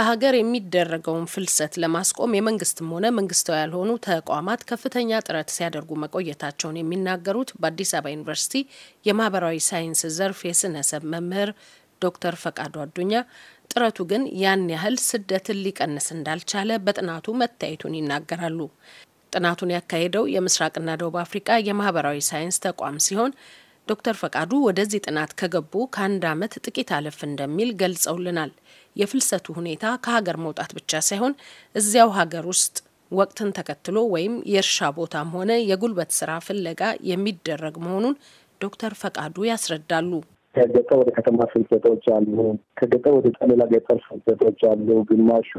ከሀገር የሚደረገውን ፍልሰት ለማስቆም የመንግስትም ሆነ መንግስታዊ ያልሆኑ ተቋማት ከፍተኛ ጥረት ሲያደርጉ መቆየታቸውን የሚናገሩት በአዲስ አበባ ዩኒቨርሲቲ የማህበራዊ ሳይንስ ዘርፍ የስነሰብ መምህር ዶክተር ፈቃዱ አዱኛ ጥረቱ ግን ያን ያህል ስደትን ሊቀንስ እንዳልቻለ በጥናቱ መታየቱን ይናገራሉ። ጥናቱን ያካሄደው የምስራቅና ደቡብ አፍሪቃ የማህበራዊ ሳይንስ ተቋም ሲሆን ዶክተር ፈቃዱ ወደዚህ ጥናት ከገቡ ከአንድ ዓመት ጥቂት አለፍ እንደሚል ገልጸውልናል። የፍልሰቱ ሁኔታ ከሀገር መውጣት ብቻ ሳይሆን እዚያው ሀገር ውስጥ ወቅትን ተከትሎ ወይም የእርሻ ቦታም ሆነ የጉልበት ስራ ፍለጋ የሚደረግ መሆኑን ዶክተር ፈቃዱ ያስረዳሉ። ከገጠር ወደ ከተማ ፍልሰቶች አሉ። ከገጠር ወደ ጠሌላ ገጠር ፍልሰቶች አሉ። ግማሹ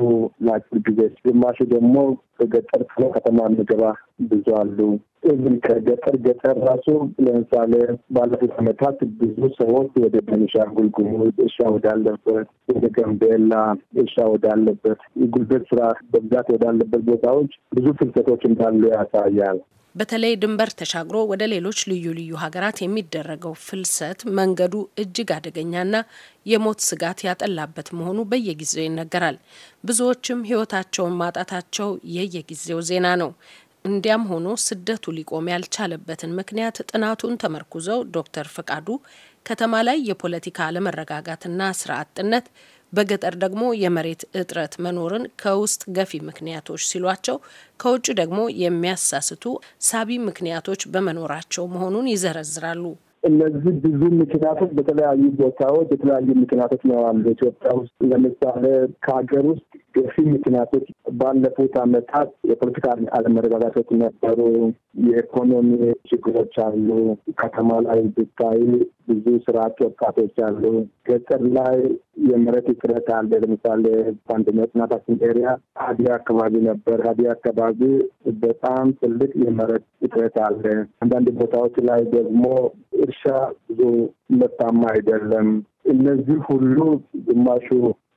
ለአጭር ጊዜ፣ ግማሹ ደግሞ ከገጠር ጥሎ ከተማ ምግባ ብዙ አሉ። እዚህ ከገጠር ገጠር ራሱ ለምሳሌ ባለፉት ዓመታት ብዙ ሰዎች ወደ ቤኒሻንጉል ጉሙዝ እርሻ ወዳለበት፣ ወደ ጋምቤላ እርሻ ወዳለበት፣ ጉልበት ስራ በብዛት ወዳለበት ቦታዎች ብዙ ፍልሰቶች እንዳሉ ያሳያል። በተለይ ድንበር ተሻግሮ ወደ ሌሎች ልዩ ልዩ ሀገራት የሚደረገው ፍልሰት መንገዱ እጅግ አደገኛና የሞት ስጋት ያጠላበት መሆኑ በየጊዜው ይነገራል። ብዙዎችም ሕይወታቸውን ማጣታቸው የየጊዜው ዜና ነው። እንዲያም ሆኖ ስደቱ ሊቆም ያልቻለበትን ምክንያት ጥናቱን ተመርኩዘው ዶክተር ፍቃዱ ከተማ ላይ የፖለቲካ አለመረጋጋትና ስርዓት በገጠር ደግሞ የመሬት እጥረት መኖርን ከውስጥ ገፊ ምክንያቶች ሲሏቸው፣ ከውጭ ደግሞ የሚያሳስቱ ሳቢ ምክንያቶች በመኖራቸው መሆኑን ይዘረዝራሉ። እነዚህ ብዙ ምክንያቶች በተለያዩ ቦታዎች የተለያዩ ምክንያቶች ይኖራሉ። በኢትዮጵያ ውስጥ ለምሳሌ ከሀገር ውስጥ ገፊ ምክንያቶች ባለፉት ዓመታት የፖለቲካ አለመረጋጋቶች ነበሩ። የኢኮኖሚ ችግሮች አሉ። ከተማ ላይ ብታይ ብዙ ስርዓት ወጣቶች አሉ። ገጠር ላይ የመሬት እጥረት አለ። ለምሳሌ አንድ መጽናታችን ኤሪያ ሀዲያ አካባቢ ነበር። ሀዲያ አካባቢ በጣም ትልቅ የመሬት እጥረት አለ። አንዳንድ ቦታዎች ላይ ደግሞ እርሻ ብዙ ለታማ አይደለም። እነዚህ ሁሉ ግማሹ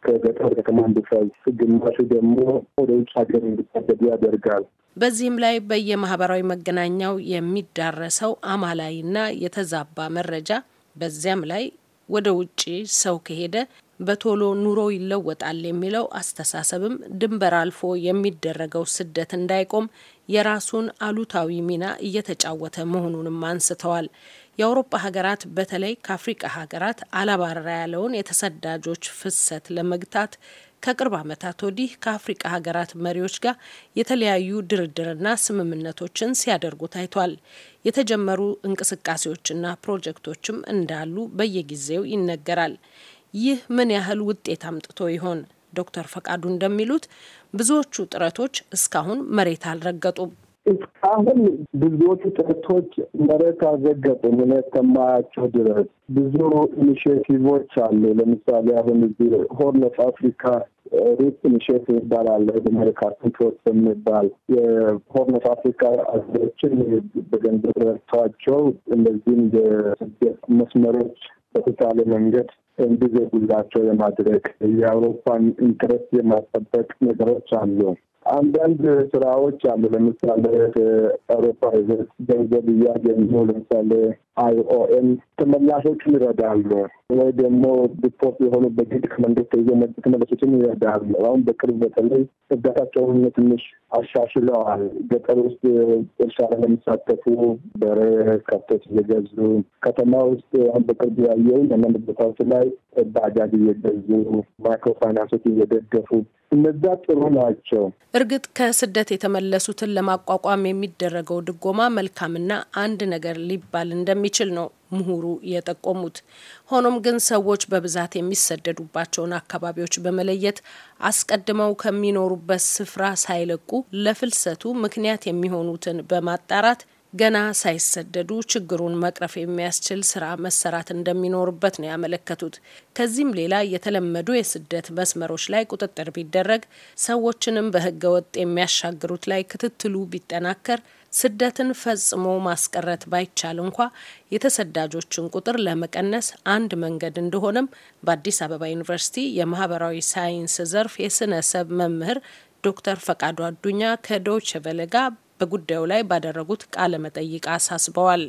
ከገጠር ከተማ እንዲፈዝ፣ ግማሹ ደግሞ ወደ ውጭ ሀገር እንዲሰደዱ ያደርጋል። በዚህም ላይ በየማህበራዊ መገናኛው የሚዳረሰው አማላይና የተዛባ መረጃ በዚያም ላይ ወደ ውጭ ሰው ከሄደ በቶሎ ኑሮ ይለወጣል የሚለው አስተሳሰብም ድንበር አልፎ የሚደረገው ስደት እንዳይቆም የራሱን አሉታዊ ሚና እየተጫወተ መሆኑንም አንስተዋል። የአውሮፓ ሀገራት በተለይ ከአፍሪቃ ሀገራት አላባራ ያለውን የተሰዳጆች ፍሰት ለመግታት ከቅርብ ዓመታት ወዲህ ከአፍሪቃ ሀገራት መሪዎች ጋር የተለያዩ ድርድርና ስምምነቶችን ሲያደርጉ ታይቷል። የተጀመሩ እንቅስቃሴዎችና ፕሮጀክቶችም እንዳሉ በየጊዜው ይነገራል። ይህ ምን ያህል ውጤት አምጥቶ ይሆን? ዶክተር ፈቃዱ እንደሚሉት ብዙዎቹ ጥረቶች እስካሁን መሬት አልረገጡም። እስካሁን ብዙዎቹ ጥረቶች መሬት አልረገጡም። እኔ እስከማያቸው ድረስ ብዙ ኢኒሽቲቮች አሉ። ለምሳሌ አሁን እዚህ ሆርን ኦፍ አፍሪካ ሩት ኢኒሽቲቭ ይባላል። ዲመሪካትን ፕሮስ የሚባል የሆርን ኦፍ አፍሪካ አገሮችን በገንዘብ ረድቷቸው እንደዚህም የስደት መስመሮች በተቻለ መንገድ እንዲዘጉላቸው የማድረግ የአውሮፓን ኢንትረስት የማስጠበቅ ነገሮች አሉ። አንዳንድ ስራዎች አሉ። ለምሳሌ ከአውሮፓ ህብረት ገንዘብ እያገኙ ለምሳሌ አይኦኤም ተመላሾቹን ይረዳሉ። ወይ ደግሞ ዲፖርት የሆኑ በግድ ከመንግስት ተይዘው የተመለሱትን ይረዳሉ። አሁን በቅርብ በተለይ እርዳታቸውን ትንሽ አሻሽለዋል። ገጠር ውስጥ እርሻ ላይ ለሚሳተፉ በሬ፣ ከብቶች እየገዙ ከተማ ውስጥ አሁን በቅርብ ያየውን አንዳንድ ቦታዎች ላይ ባጃጅ እየገዙ ማይክሮፋይናንሶች እየደገፉ እነዛ ጥሩ ናቸው። እርግጥ ከስደት የተመለሱትን ለማቋቋም የሚደረገው ድጎማ መልካምና አንድ ነገር ሊባል እንደሚችል ነው ምሁሩ የጠቆሙት። ሆኖም ግን ሰዎች በብዛት የሚሰደዱባቸውን አካባቢዎች በመለየት አስቀድመው ከሚኖሩበት ስፍራ ሳይለቁ ለፍልሰቱ ምክንያት የሚሆኑትን በማጣራት ገና ሳይሰደዱ ችግሩን መቅረፍ የሚያስችል ስራ መሰራት እንደሚኖርበት ነው ያመለከቱት። ከዚህም ሌላ የተለመዱ የስደት መስመሮች ላይ ቁጥጥር ቢደረግ፣ ሰዎችንም በህገ ወጥ የሚያሻግሩት ላይ ክትትሉ ቢጠናከር፣ ስደትን ፈጽሞ ማስቀረት ባይቻል እንኳ የተሰዳጆችን ቁጥር ለመቀነስ አንድ መንገድ እንደሆነም በአዲስ አበባ ዩኒቨርሲቲ የማህበራዊ ሳይንስ ዘርፍ የስነ ሰብ መምህር ዶክተር ፈቃዱ አዱኛ ከዶይቼ በለጋ በጉዳዩ ላይ ባደረጉት ቃለ መጠይቅ አሳስበዋል።